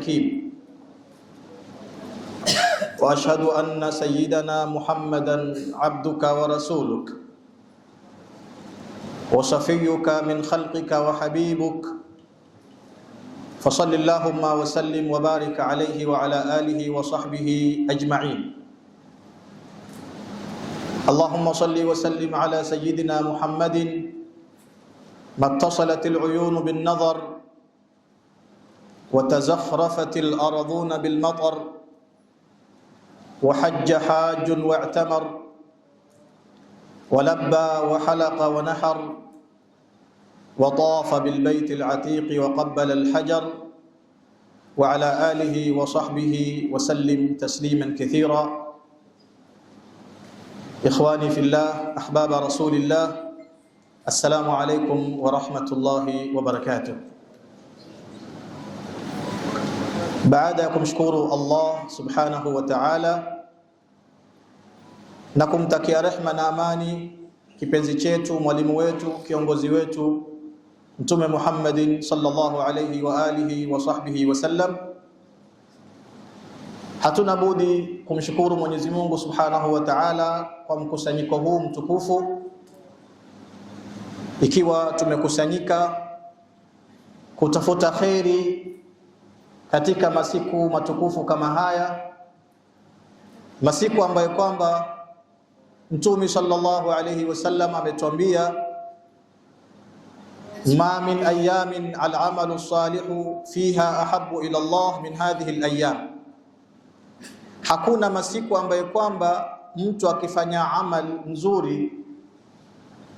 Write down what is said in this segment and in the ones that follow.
الحكيم واشهد ان سيدنا محمدا عبدك ورسولك وصفيك من خلقك وحبيبك فصل اللهم وسلم وبارك عليه وعلى اله وصحبه اجمعين اللهم صل وسلم على سيدنا محمد ما اتصلت العيون بالنظر وتزخرفت الأرضون بالمطر وحج حاج واعتمر ولبى وحلق ونحر وطاف بالبيت العتيق وقبل الحجر وعلى آله وصحبه وسلم تسليما كثيرا إخواني في الله أحباب رسول الله السلام عليكم ورحمة الله وبركاته Baada ya kumshukuru Allah subhanahu wa ta'ala na kumtakia rehma na amani kipenzi chetu, mwalimu wetu, kiongozi wetu, Mtume Muhammadin sallallahu alayhi wa alihi wa sahbihi wasallam, hatuna budi kumshukuru Mwenyezi Mungu subhanahu wa ta'ala kwa mkusanyiko huu mtukufu, ikiwa tumekusanyika kutafuta kheri katika masiku matukufu kama haya, masiku ambayo kwamba Mtume sallallahu alayhi wasallam ametuambia ma min ayamin alamalu salihu fiha ahabu ila Allah min hadhihi alayam, hakuna masiku ambayo kwamba mtu akifanya amal nzuri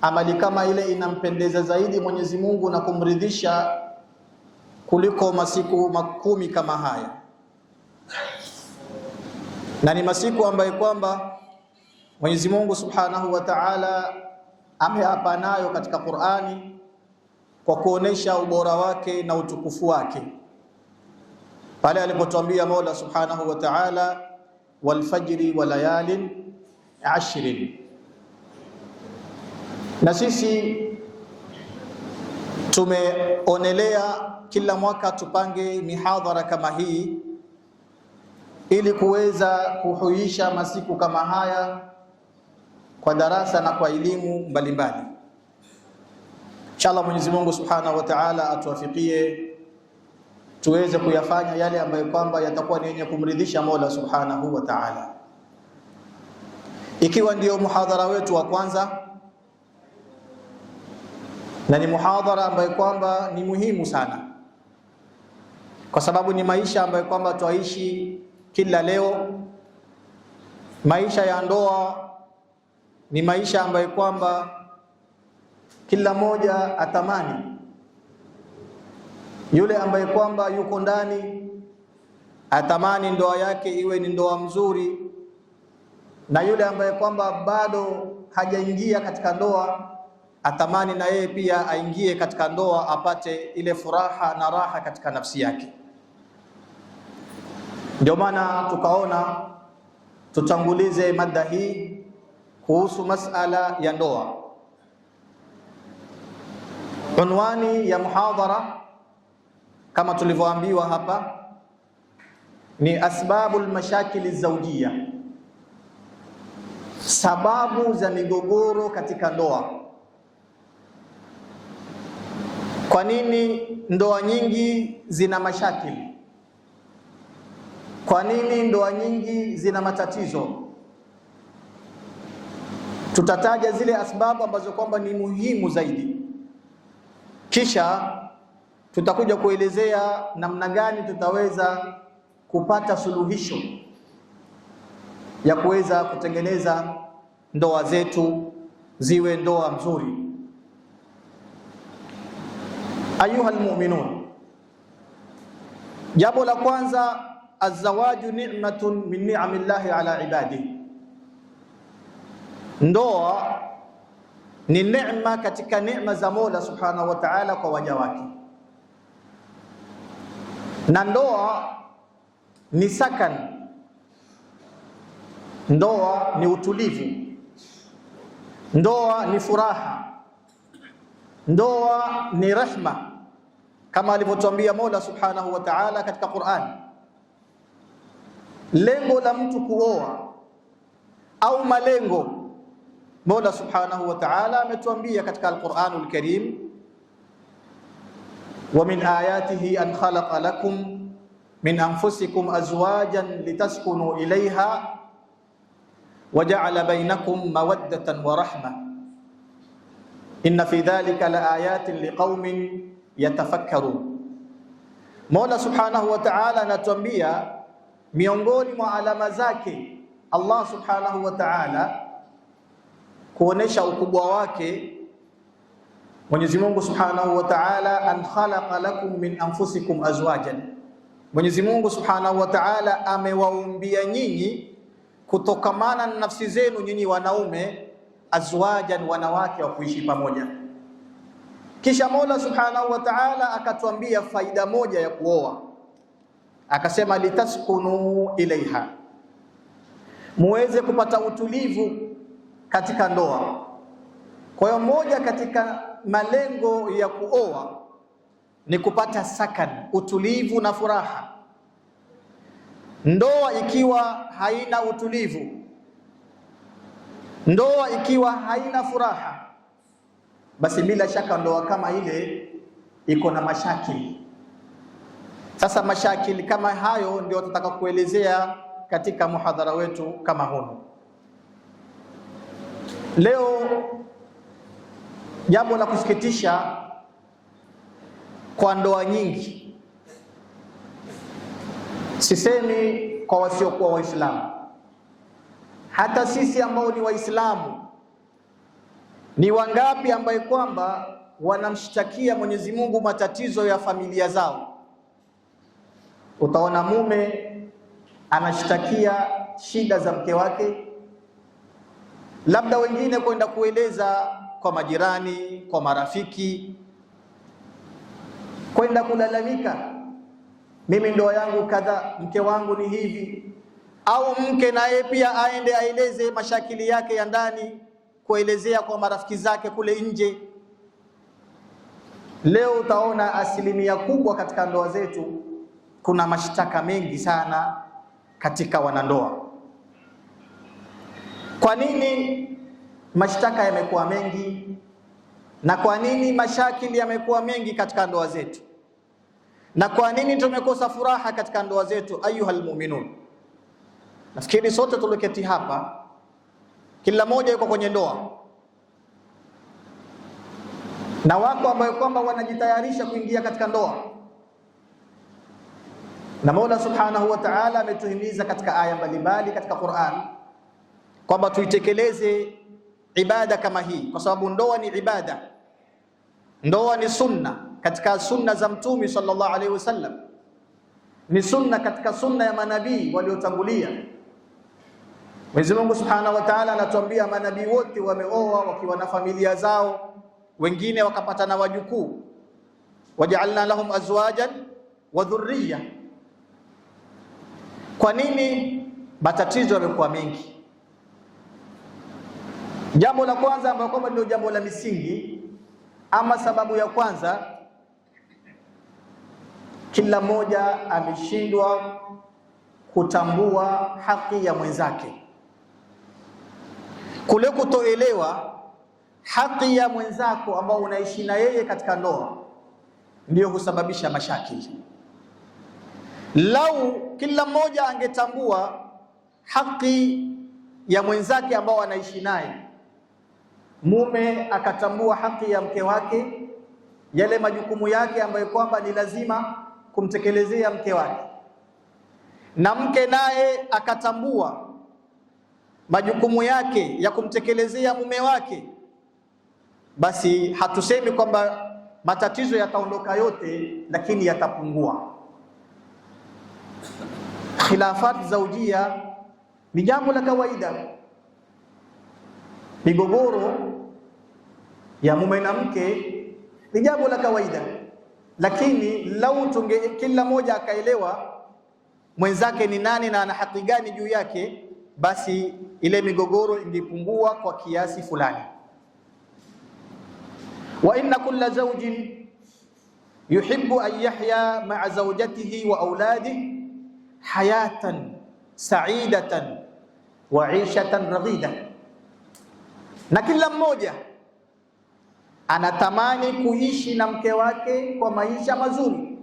amali kama ile inampendeza zaidi Mwenyezi Mungu na kumridhisha kuliko masiku makumi kama haya, na ni masiku ambayo kwamba Mwenyezi Mungu Subhanahu wa Ta'ala ameapa nayo katika Qur'ani kwa kuonesha ubora wake na utukufu wake pale alipotuambia Mola Subhanahu wa Ta'ala, walfajri wa layalin ashrin, na sisi Tumeonelea kila mwaka tupange mihadhara kama hii ili kuweza kuhuisha masiku kama haya kwa darasa na kwa elimu mbalimbali. Inshallah, Mwenyezi Mungu Subhanahu wa Ta'ala atuwafikie tuweze kuyafanya yale ambayo kwamba yatakuwa ni yenye kumridhisha Mola Subhanahu wa Ta'ala. Ikiwa ndiyo muhadhara wetu wa kwanza na ni muhadhara ambayo kwamba ni muhimu sana, kwa sababu ni maisha ambayo kwamba twaishi kila leo. Maisha ya ndoa ni maisha ambayo kwamba kila mmoja atamani, yule ambaye kwamba yuko ndani atamani ndoa yake iwe ni ndoa mzuri, na yule ambaye kwamba bado hajaingia katika ndoa atamani na yeye pia aingie katika ndoa apate ile furaha na raha katika nafsi yake. Ndio maana tukaona tutangulize mada hii kuhusu masala ya ndoa. Unwani ya muhadhara kama tulivyoambiwa hapa ni asbabu mashakili zawjia, sababu za migogoro katika ndoa. Kwa nini ndoa nyingi zina mashakili? Kwa nini ndoa nyingi zina matatizo? Tutataja zile asbabu ambazo kwamba ni muhimu zaidi, kisha tutakuja kuelezea namna gani tutaweza kupata suluhisho ya kuweza kutengeneza ndoa zetu ziwe ndoa nzuri. Ayuha almu'minun, jambo la kwanza azawaju ni'matun min ni'amillahi ala ibadihi, ndoa ni neema katika neema za Mola subhanahu wa ta'ala kwa waja wake, na ndoa ni sakan, ndoa ni utulivu, ndoa ni furaha, ndoa ni rehma kama alivyotuambia Mola Subhanahu wa Ta'ala katika Qur'an, lengo la mtu kuoa au malengo, Mola Subhanahu wa Ta'ala ametuambia katika Al-Qur'anul Karim, wa min ayatihi an khalaqa lakum min anfusikum azwajan litaskunu ilayha wa ja'ala bainakum mawaddatan wa rahma inna fi dhalika laayatin liqaumin yatafakkarun. Mola Subhanahu wa Ta'ala anatuambia miongoni mwa alama zake Allah Subhanahu wa Ta'ala kuonesha ukubwa wake Mwenyezi Mungu Subhanahu wa Ta'ala, an khalaqa lakum min anfusikum azwajan, Mwenyezi Mungu Subhanahu wa Ta'ala amewaumbia nyinyi kutokamana na nafsi zenu nyinyi wanaume, azwajan, wanawake wa kuishi pamoja kisha Mola Subhanahu wa Ta'ala akatuambia faida moja ya kuoa, akasema litaskunu ilaiha, muweze kupata utulivu katika ndoa. Kwa hiyo moja katika malengo ya kuoa ni kupata sakan, utulivu na furaha. Ndoa ikiwa haina utulivu, ndoa ikiwa haina furaha basi bila shaka ndoa kama ile iko na mashakili. Sasa mashakili kama hayo ndio tutataka kuelezea katika muhadhara wetu kama huu leo. Jambo la kusikitisha kwa ndoa nyingi, sisemi kwa wasiokuwa Waislamu, hata sisi ambao ni Waislamu ni wangapi ambaye kwamba wanamshtakia Mwenyezi Mungu matatizo ya familia zao? Utaona mume anashtakia shida za mke wake, labda wengine kwenda kueleza kwa majirani, kwa marafiki, kwenda kulalamika, mimi ndoa yangu kadha, mke wangu ni hivi, au mke naye pia aende aeleze mashakili yake ya ndani kuelezea kwa marafiki zake kule nje. Leo utaona asilimia kubwa katika ndoa zetu kuna mashtaka mengi sana katika wanandoa. Kwa nini mashtaka yamekuwa mengi na kwa nini mashakili yamekuwa mengi katika ndoa zetu? Na kwa nini tumekosa furaha katika ndoa zetu? Ayuha almu'minun, nafikiri sote tuloketi hapa kila mmoja yuko kwenye ndoa na wako ambao kwamba wanajitayarisha kuingia katika ndoa, na Mola Subhanahu wa Ta'ala ametuhimiza katika aya mbalimbali katika Qur'an kwamba tuitekeleze ibada kama hii, kwa sababu ndoa ni ibada, ndoa ni sunna katika sunna za Mtume sallallahu alaihi wasallam, ni sunna katika sunna ya manabii waliotangulia. Mwenyezi Mungu Subhanahu wa Ta'ala anatuambia manabii wote wameoa wakiwa na familia zao, wengine wakapata na wajukuu. Wajaalna lahum azwajan wa dhurriya. Kwa nini matatizo yamekuwa mengi? Jambo la kwanza ambalo kwamba ndio jambo la misingi ama sababu ya kwanza, kila mmoja ameshindwa kutambua haki ya mwenzake. Kule kutoelewa haki ya mwenzako ambao unaishi na yeye katika ndoa ndiyo husababisha mashakili. Lau kila mmoja angetambua haki ya mwenzake ambao anaishi naye, mume akatambua haki ya mke wake, yale majukumu yake ambayo kwamba ni lazima kumtekelezea mke wake, na mke naye akatambua majukumu yake ya kumtekelezea mume wake, basi hatusemi kwamba matatizo yataondoka yote, lakini yatapungua. Khilafat zaujia ni jambo la kawaida. Migogoro ya mume na mke ni jambo la kawaida, lakini lau tunge kila mmoja akaelewa mwenzake ni nani na ana haki gani juu yake basi ile migogoro ingepungua kwa kiasi fulani. Wa inna kulla zawjin yuhibbu an yahya ma'a zawjatihi wa auladihi hayatan sa'idatan wa ishatan radida, na kila mmoja anatamani kuishi na mke wake kwa maisha mazuri,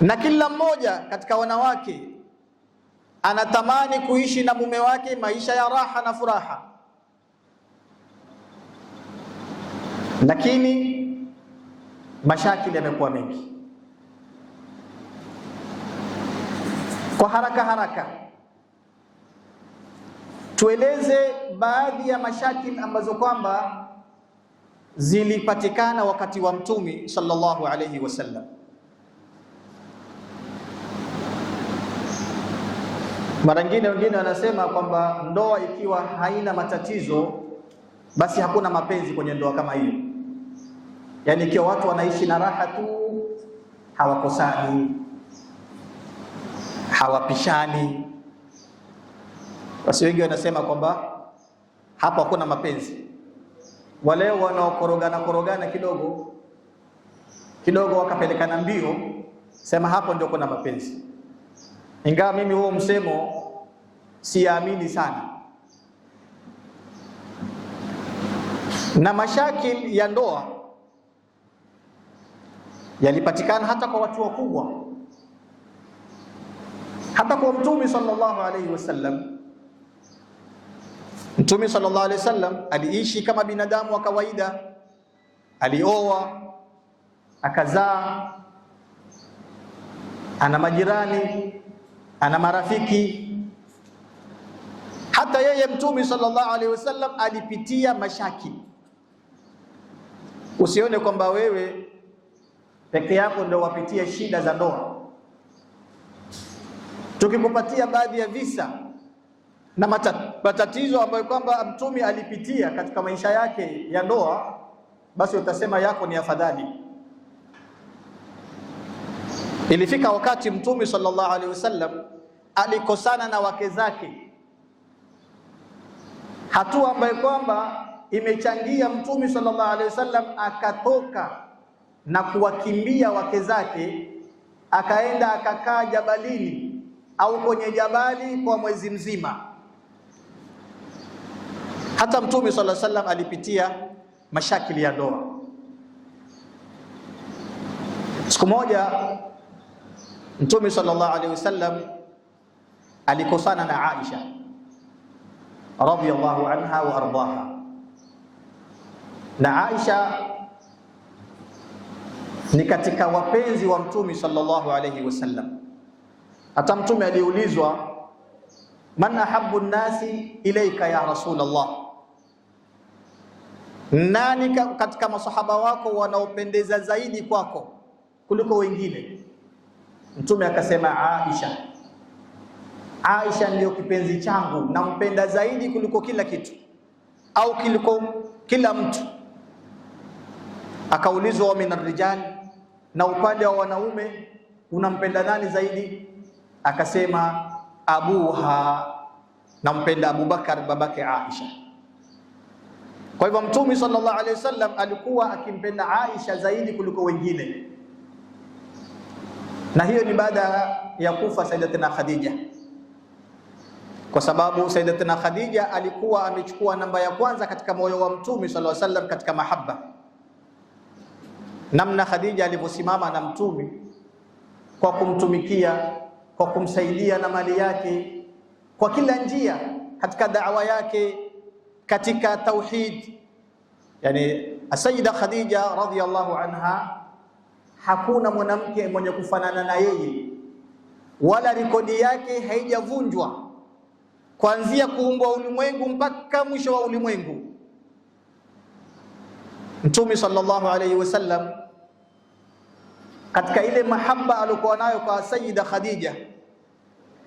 na kila mmoja katika wanawake anatamani kuishi na mume wake maisha ya raha na furaha, lakini mashakili yamekuwa mengi. Kwa haraka haraka tueleze baadhi ya mashakili ambazo kwamba zilipatikana wakati wa Mtume sallallahu alayhi wasallam. Mara nyingine wengine wanasema kwamba ndoa ikiwa haina matatizo basi hakuna mapenzi kwenye ndoa kama hiyo, yaani ikiwa watu wanaishi na raha tu, hawakosani, hawapishani, basi wengi wanasema kwamba hapo hakuna mapenzi. Wale wanaokorogana korogana kidogo kidogo wakapelekana mbio, sema hapo ndio kuna mapenzi. Ingawa mimi huo msemo siamini sana, na mashakil ya ndoa yalipatikana hata kwa watu wakubwa, hata kwa Mtume sallallahu alaihi wasallam. Mtume sallallahu alaihi wasallam aliishi kama binadamu wa kawaida, alioa akazaa, ana majirani ana marafiki. Hata yeye Mtume sallallahu alaihi wasallam alipitia mashaki. Usione kwamba wewe peke yako ndio wapitia shida za ndoa. Tukikupatia baadhi ya visa na matatizo ambayo kwamba Mtume alipitia katika maisha yake ya ndoa, basi utasema yako ni afadhali. Ilifika wakati Mtume sallallahu alaihi wasallam alikosana na wake zake, hatua ambayo kwamba imechangia Mtume sallallahu alaihi wasallam akatoka na kuwakimbia wake zake, akaenda akakaa jabalini au kwenye jabali kwa mwezi mzima. Hata Mtume sallallahu alaihi wasallam alipitia mashakili ya ndoa. Siku moja Mtume sallallahu alaihi wasallam alikosana na Aisha radhiyallahu anha wa ardaha, na Aisha ni katika wapenzi wa Mtume sallallahu alaihi wasallam. Hata Mtume aliulizwa, man ahabbu nnasi ilaika ya Rasulullah, nani katika masahaba wako wanaopendeza zaidi kwako kuliko wengine? Mtume akasema, Aisha, Aisha ndiyo kipenzi changu, nampenda zaidi kuliko kila kitu au kuliko kila mtu. Akaulizwa, min rijal, na upande wa wanaume unampenda nani zaidi? Akasema, abuha, nampenda Abubakar, babake Aisha. Kwa hivyo Mtume sallallahu alaihi wasallam alikuwa akimpenda Aisha zaidi kuliko wengine na hiyo ni baada ya kufa Sayyidatina Khadija, kwa sababu Sayyidatina Khadija alikuwa amechukua namba ya kwanza katika moyo wa Mtume sallallahu alaihi wasallam katika mahaba. Namna Khadija alivyosimama na Mtume kwa kumtumikia, kwa kumsaidia na mali yake, kwa kila njia, katika da'wa yake, katika tauhid. Yani Sayyida Khadija radhiyallahu anha hakuna mwanamke mwenye kufanana na yeye, wala rekodi yake haijavunjwa kuanzia kuumbwa ulimwengu mpaka mwisho wa ulimwengu. Mtume sallallahu alayhi wasallam katika ile mahaba aliokuwa nayo kwa Sayyida Khadija,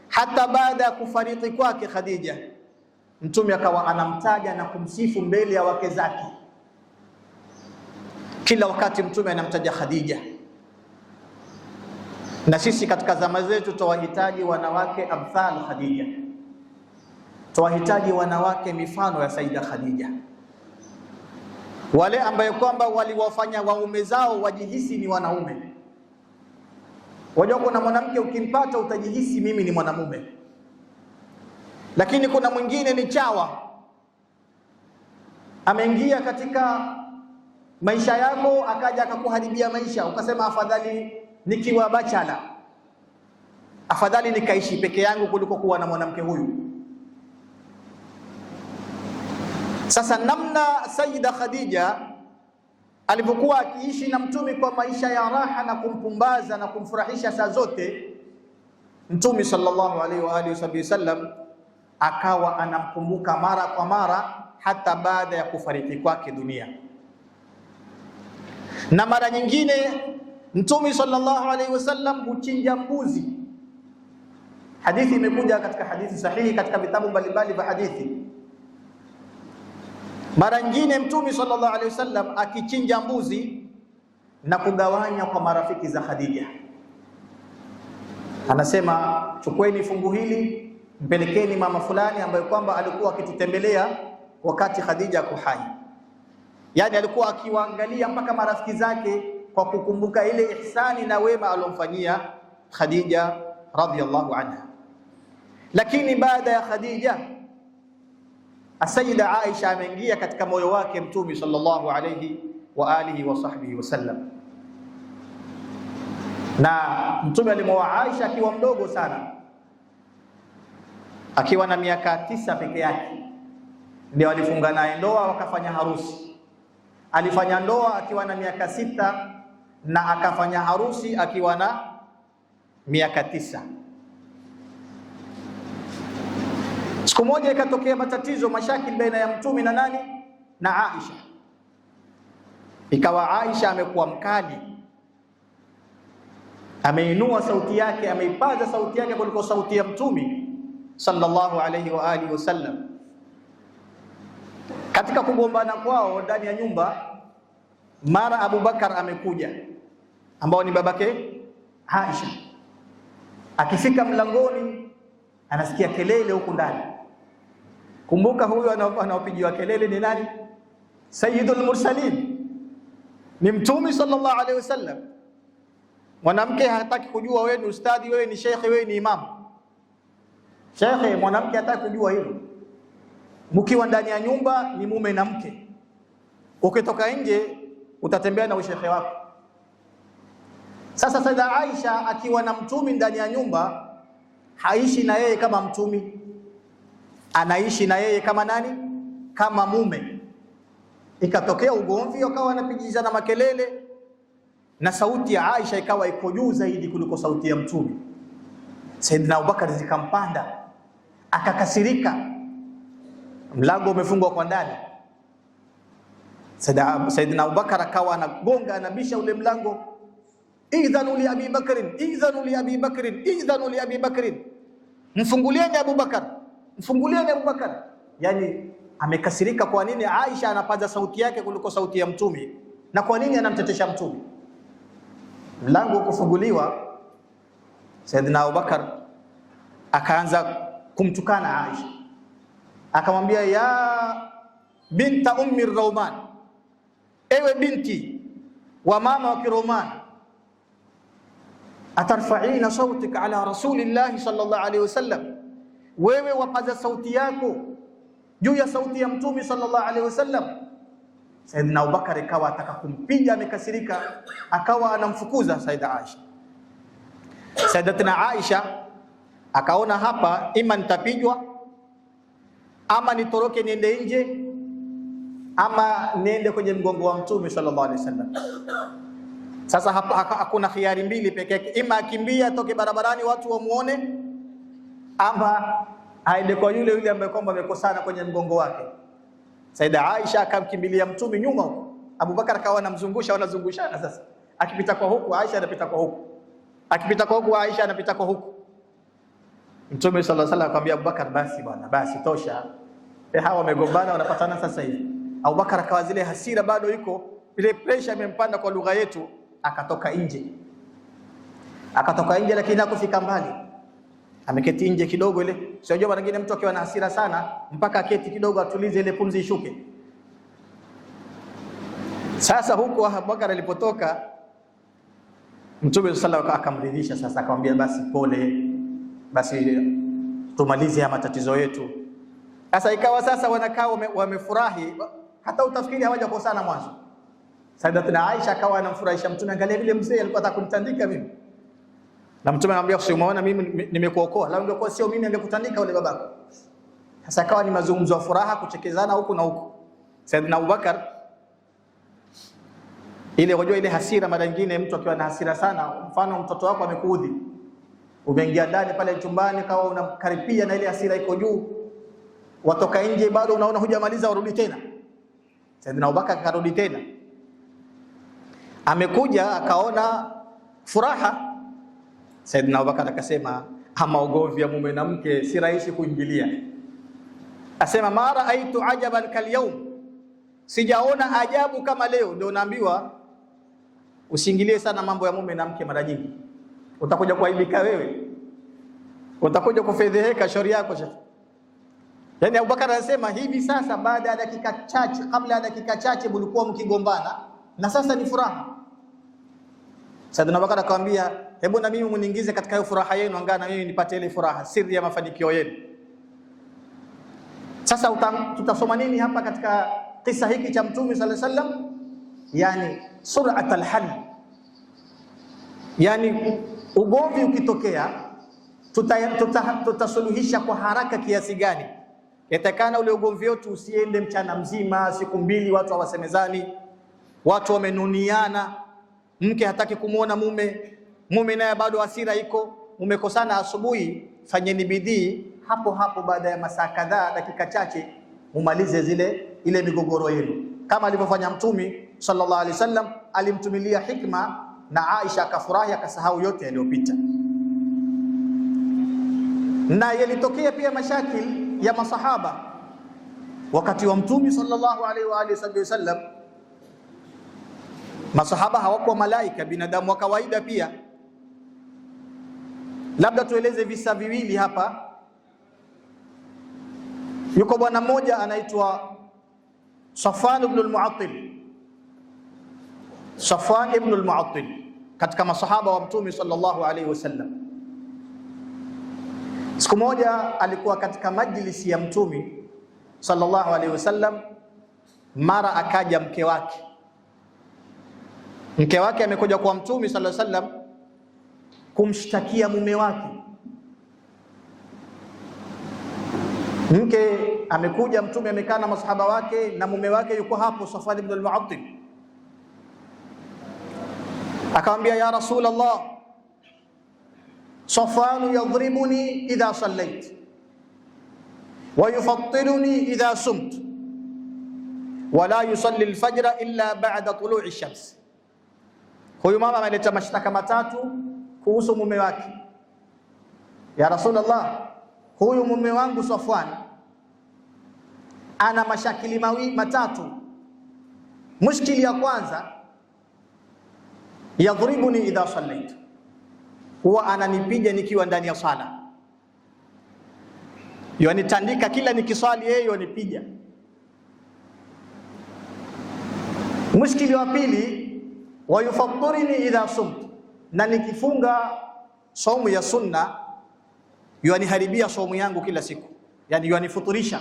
hata baada ya kufariki kwake Khadija, Mtume akawa anamtaja na kumsifu mbele ya wake zake. Kila wakati Mtume anamtaja Khadija. Na sisi katika zama zetu twawahitaji wanawake amthal Khadija, twawahitaji wanawake mifano ya Saida Khadija, wale ambaye kwamba waliwafanya waume zao wajihisi ni wanaume. Wajua, kuna mwanamke ukimpata utajihisi mimi ni mwanamume, lakini kuna mwingine ni chawa, ameingia katika maisha yako akaja akakuharibia maisha, ukasema afadhali nikiwa bachala, afadhali nikaishi peke yangu kuliko kuwa na mwanamke huyu. Sasa namna Sayyida Khadija alivyokuwa akiishi na Mtume kwa maisha ya raha na kumpumbaza na kumfurahisha saa zote, Mtume sallallahu alaihi wa alihi wasallam akawa anamkumbuka mara kwa mara hata baada ya kufariki kwake dunia, na mara nyingine Mtume sallallahu alaihi wasallam huchinja mbuzi. Hadithi imekuja katika hadithi sahihi katika vitabu mbalimbali vya hadithi. Mara nyingine Mtume sallallahu alaihi wasallam akichinja mbuzi na kugawanya kwa marafiki za Khadija, anasema chukweni fungu hili mpelekeni mama fulani ambaye kwamba alikuwa akitutembelea wakati Khadija kuhai. Yaani alikuwa akiwaangalia mpaka marafiki zake kwa kukumbuka ile ihsani na wema aliomfanyia Khadija radhiyallahu anha. Lakini baada ya Khadija, Asayida Aisha ameingia katika moyo wake Mtume sallallahu alayhi wa alihi wa sahbihi wasallam, na Mtume alimwoa Aisha akiwa mdogo sana, akiwa na miaka tisa peke yake ndio alifunga naye ndoa, wakafanya harusi. Alifanya ndoa akiwa na miaka sita na akafanya harusi akiwa na miaka tisa. Siku moja ikatokea matatizo, mashakili baina ya mtume na nani na Aisha, ikawa Aisha amekuwa mkali, ameinua sauti yake, ameipaza sauti yake kuliko sauti ya mtume sallallahu alayhi wa alihi wasallam. Katika kugombana kwao ndani ya nyumba mara Abubakar amekuja ambao ni babake Aisha. Akifika mlangoni, anasikia kelele huku ndani. Kumbuka huyu anaopigiwa kelele ni nani? Sayyidul Mursalin, ni Mtume sallallahu alaihi wasallam. Mwanamke hataki kujua wewe ni ustadhi, wewe ni shekhe, wewe ni imamu. Shekhe, mwanamke hataki kujua hilo. Mkiwa ndani ya nyumba ni mume na mke, ukitoka nje utatembea na ushehe wako. Sasa Saida Aisha akiwa na mtumi ndani ya nyumba, haishi na yeye kama mtumi, anaishi na yeye kama nani? Kama mume. Ikatokea ugomvi, wakawa wanapigizana makelele, na sauti ya Aisha ikawa iko juu zaidi kuliko sauti ya mtumi. Saidina Abubakar zikampanda, akakasirika, mlango umefungwa kwa ndani Saidina Abubakar akawa anagonga anabisha ule mlango, idhanu li abi Bakrin, idhanu li abi Bakrin, idhanu li abi Bakrin, mfungulieni Abubakar, mfungulieni Abubakar. Yani amekasirika. Kwa nini Aisha anapaza sauti yake kuliko sauti ya Mtume? Na kwa nini anamtetesha Mtume? Mlango ukufunguliwa, Saidina Abubakar akaanza kumtukana Aisha, akamwambia ya binta ummi Rauman ewe binti wa mama wa Kiromani, atarfaina sautika ala rasulillahi sallallahu alaihi wasallam, wewe wapaza sauti yako juu ya sauti ya mtume sallallahu alaihi wasallam. Saidina Abubakar ikawa ataka kumpiga, amekasirika, akawa anamfukuza Saida Aisha. Saidatina Aisha akaona hapa, ima nitapigwa ama nitoroke niende nje ama niende kwenye mgongo wa Mtume sallallahu alaihi wasallam. Sasa hapa hakuna khiari mbili peke yake, ima akimbia atoke barabarani watu wamuone, ama aende kwa yule yule ambaye kwamba amekosana kwenye mgongo wake. Saida Aisha akamkimbilia Mtume nyuma huko, Abubakar akawa anamzungusha, wanazungushana sasa, akipita kwa huku Aisha anapita kwa huku, akipita kwa huku Aisha anapita kwa huku. Mtume sallallahu alaihi wasallam akamwambia Abubakar, basi bwana, basi tosha, eh, hawa wamegombana, wanapatana sasa hivi Abubakar akawa zile hasira bado iko ile pressure imempanda, kwa lugha yetu, akatoka nje, akatoka nje, lakini hakufika mbali, ameketi nje kidogo. Ile sio jambo lingine, mtu akiwa na hasira sana mpaka aketi kidogo atulize ile pumzi ishuke. Sasa huko Abubakar alipotoka, Mtume sallallahu alaihi wasallam akamridhisha. Sasa akamwambia, basi pole, basi tumalize ya matatizo yetu. Sasa ikawa sasa wanakaa wamefurahi, wame hata utafikiri hawajakosana mwanzo. Sayyidatina Aisha akawa anamfurahisha Mtume, angalia vile mzee alikuwa anataka mimi, na Mtume anamwambia umeona mimi nimekuokoa, la ungekuwa sio mimi angekutandika yule babako. Sasa akawa ni mazungumzo ya furaha, kuchekezana huku na huku. Sayyidina Abubakar, ile unajua ile hasira, mara nyingine mtu akiwa na hasira sana, mfano mtoto wako amekuudhi, umeingia ndani pale chumbani, kawa unamkaribia na ile hasira iko juu, watoka nje bado unaona hujamaliza, warudi tena Saidina Abubakar akarudi tena, amekuja akaona furaha. Saidina Abubakar akasema, amaogovi ya mume na mke si rahisi kuingilia. Asema ma raaitu ajaban kalyaum, sijaona ajabu kama leo. Ndio unaambiwa usiingilie sana mambo ya mume na mke, mara nyingi utakuja kuaibika wewe, utakuja kufedheheka shauri yako. Yaani Abubakar anasema hivi sasa, baada ya dakika chache, kabla ya dakika chache mlikuwa mkigombana na sasa ni furaha. Saidina Abubakar akamwambia, hebu na mimi mniingize katika hiyo furaha yenu, angaa na mimi nipate ile furaha, siri ya mafanikio yenu. Sasa utam, tutasoma nini hapa katika kisa hiki cha Mtume sallallahu alaihi wasallam? Yani surat alhal, yani ugomvi ukitokea tutasuluhisha tuta, tuta kwa haraka kiasi gani? Yatakana ule ugomvi wetu usiende mchana mzima, siku mbili, watu hawasemezani, watu wamenuniana, mke hataki kumwona mume, mume naye bado hasira iko, umekosana asubuhi. Fanyeni bidii hapo hapo, baada ya masaa kadhaa, dakika chache, mumalize zile ile migogoro yenu, kama alivyofanya Mtume sallallahu alaihi wasallam. Alimtumilia hikma na Aisha akafurahi, akasahau yote yaliyopita, na yalitokea pia mashakili ya masahaba wakati wa Mtume sallallahu alaihi wa alihi wasallam. Masahaba hawakuwa malaika, binadamu wa kawaida pia. Labda tueleze visa viwili hapa. Yuko bwana mmoja anaitwa Safwan ibn al-Mu'attil, Safwan ibn al-Mu'attil katika masahaba wa Mtume sallallahu alaihi wasallam Siku moja alikuwa katika majlisi ya Mtume sallallahu alaihi wasallam, mara akaja mke wake. Mke wake amekuja kwa Mtume sallallahu alaihi wasallam kumshtakia mume wake. Mke amekuja, Mtume amekaa na masahaba wake na mume wake yuko hapo, Safwan ibn al muattil akamwambia, ya Rasulullah صفوان يضربني إذا صليت ويفطرني إذا سمت ولا يصلي الفجر إلا بعد طلوع الشمس هو ماما ما لتا مشتاك متاتو كوس مميواك يا رسول الله هو مميوان صفوان أنا مشاكل ماوي متاتو مشكل يا كوانزا يضربني إذا صليت huwa ananipiga nikiwa ndani ya sala, yanitandika kila nikiswali, yeye yanipiga. Mushkili wa pili, wayufatirini idha sumtu, na nikifunga saumu ya sunna yaniharibia saumu yangu kila siku, yani yanifuturisha.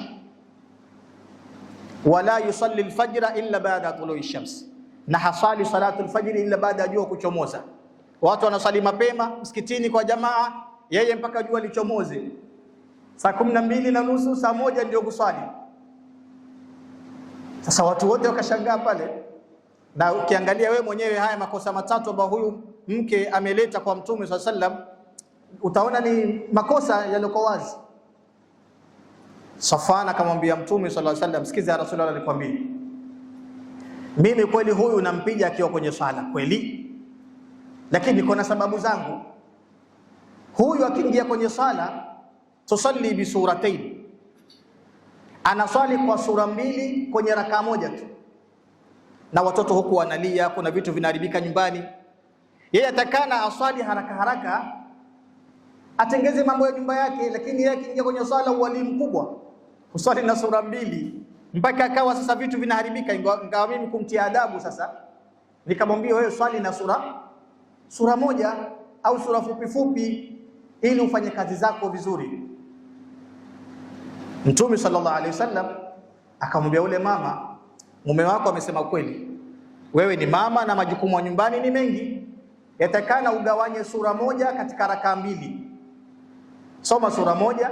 Wala yusalli alfajra illa baada tului shams, na hasali salatu alfajri illa baada ya jua kuchomoza watu wanasali mapema msikitini kwa jamaa, yeye mpaka jua lichomoze saa kumi na mbili na nusu saa moja ndio kuswali. Sasa watu wote wakashangaa pale, na ukiangalia we mwenyewe haya makosa matatu ambayo huyu mke ameleta kwa Mtume swalla sallam, utaona ni makosa yaliyoko wazi. Safana akamwambia Mtume swalla sallam, sikiza Rasulullah, alikwambia mimi kweli huyu nampiga akiwa kwenye sala kweli lakini niko na sababu zangu. Huyu akiingia kwenye sala, tusalli bi suratayn, anaswali kwa sura mbili kwenye rakaa moja tu, na watoto huku wanalia, kuna vitu vinaharibika nyumbani. Yeye atakana aswali haraka haraka, atengeze mambo ya nyumba yake, lakini yeye akiingia kwenye sala, uwalii mkubwa, kuswali na sura mbili mpaka akawa sasa vitu vinaharibika. Ingawa mimi kumtia adabu sasa, nikamwambia wewe swali na sura sura moja au sura fupi fupi ili ufanye kazi zako vizuri. Mtume sallallahu alaihi wasallam akamwambia ule mama, mume wako amesema kweli, wewe ni mama na majukumu ya nyumbani ni mengi, yatakana ugawanye sura moja katika rakaa mbili. Soma sura moja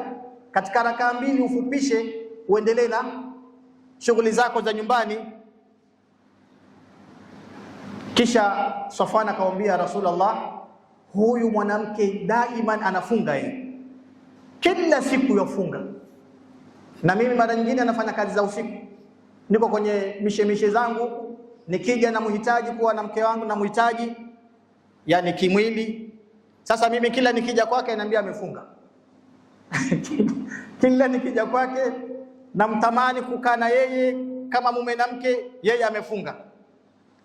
katika rakaa mbili, ufupishe, uendelee na shughuli zako za nyumbani. Kisha Safwan akamwambia Rasulullah, huyu mwanamke daiman anafunga yeye, kila siku yafunga, na mimi mara nyingine anafanya kazi za usiku, niko kwenye mishemishe zangu, nikija na kuwa na mke wangu na yani kimwili. Sasa mimi kila nikija kwake ananiambia amefunga kila nikija kwake namtamani kukaa na yeye kama mume na mke, yeye amefunga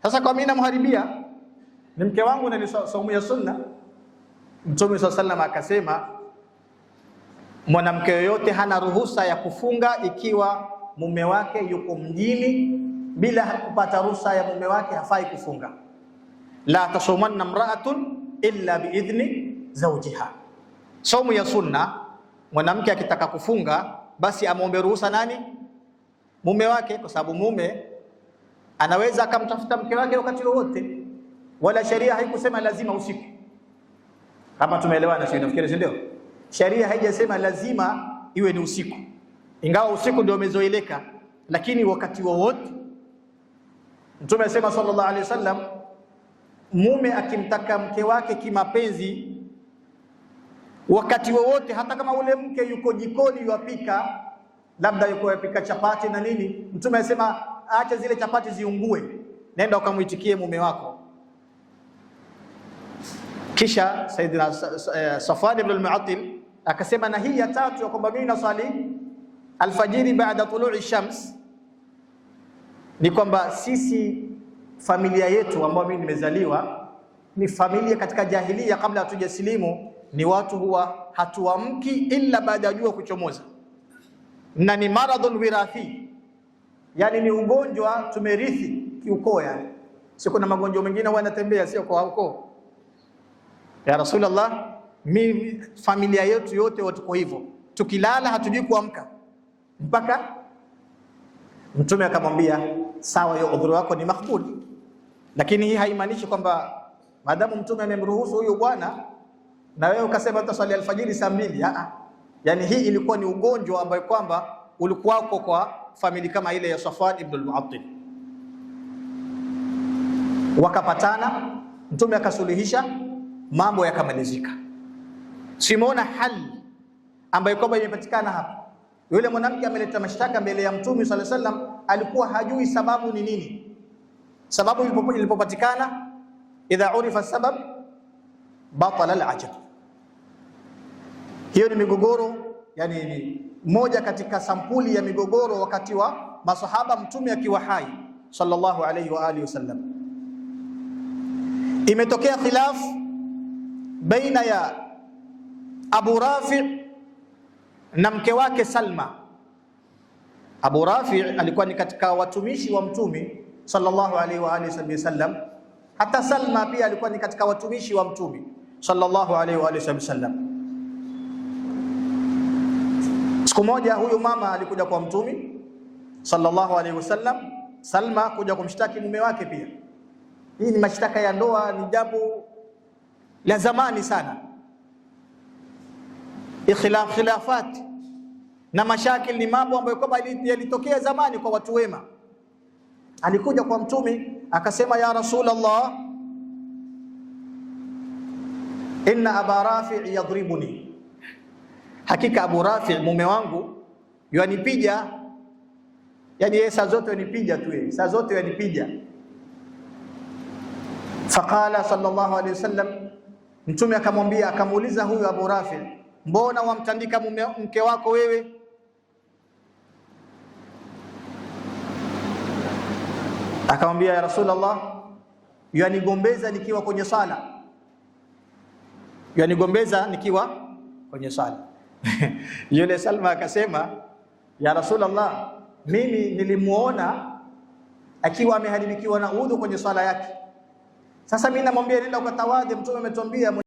sasa kwa mimi namharibia ni mke wangu na ni saumu ya sunna. Mtume swalla wasallam akasema mwanamke yoyote hana ruhusa ya kufunga ikiwa mume wake yuko mjini bila kupata ruhusa ya mume wake hafai kufunga. La tasumanna mraatun illa biidhni zawjiha, saumu ya sunna. Mwanamke akitaka kufunga basi amwombe ruhusa nani? Mume wake, kwa sababu mume anaweza akamtafuta mke wake wakati wowote, wala sheria haikusema lazima usiku. Kama tumeelewana sio? Nafikiri si ndio? Sheria haijasema lazima iwe ni usiku, ingawa usiku ndio umezoeleka, lakini wakati wowote. Mtume asema sallallahu alaihi wasallam, mume akimtaka mke wake kimapenzi wakati wowote, hata kama ule mke yuko jikoni yapika, labda yuko yapika chapati na nini, Mtume asema acha zile chapati ziungue, nenda ukamwitikie mume wako. Kisha Saidina eh, Safwan ibn al-Mu'attil akasema, na hii ya tatu ya kwamba mimi naswali alfajiri baada tului shams ni kwamba sisi familia yetu ambayo mimi nimezaliwa ni familia katika jahilia, kabla hatujasilimu, ni watu huwa hatuamki illa baada ya jua kuchomoza, na ni maradhun wirathi yaani ni ugonjwa tumerithi kiukoo, yani si kuna magonjwa mengine huwa yanatembea sio kwa ukoo. Ya Rasulullah, mi familia yetu yote watuko hivyo, tukilala hatujui kuamka mpaka Mtume akamwambia sawa, hiyo udhuru wako ni makbul, lakini hii haimaanishi kwamba maadamu Mtume amemruhusu huyu bwana na wewe ukasema utaswali alfajiri saa mbili. Yaani hii ilikuwa ni ugonjwa ambao kwamba ulikuwako kwa famili kama ile ya Safwan ibn al-Mu'attal. Wakapatana, mtume akasuluhisha, mambo yakamalizika. simona hali ambayo kwamba imepatikana hapa. Yule mwanamke ameleta mashtaka mbele ya mtume sallallahu alaihi alikuwa hajui sababu ni nini. Sababu ilipopatikana, idha urifa sabab batala al-ajab. Hiyo ni migogoro yani moja katika sampuli ya migogoro wakati wa masahaba mtume akiwa hai sallallahu alayhi wa alihi wasallam. Imetokea khilaf baina ya Abu Rafi na mke wake Salma. Abu Rafi alikuwa ni katika watumishi wa mtume sallallahu alayhi wa alihi wasallam, hata Salma pia alikuwa ni katika watumishi wa mtume sallallahu alayhi wa alihi wasallam. Siku moja huyu mama alikuja kwa Mtume sallallahu alaihi wasallam, Salma kuja kumshtaki mume wake. Pia hii ni mashtaka ya ndoa, ni jambo la zamani sana, ikhilaf khilafat na mashakil ni mambo ambayo kwamba yalitokea zamani kwa watu wema. Alikuja kwa Mtume akasema, ya Rasulullah, inna aba rafi yadribuni Hakika Abu Rafi mume wangu yanipija, yani yeye saa zote yanipija tu, yeye saa zote yanipija. Faqala sallallahu alayhi wasallam, mtume akamwambia, akamuuliza huyu Abu Rafi, mbona wamtandika mume mke wako wewe? Akamwambia, ya Rasulullah, yanigombeza nikiwa kwenye sala, yanigombeza nikiwa kwenye sala Yule Salma akasema, ya Rasulullah, mimi nilimuona akiwa ameharibikiwa na udhu kwenye swala yake. Sasa mimi namwambia nenda ukatawadhe, mtume ametuambia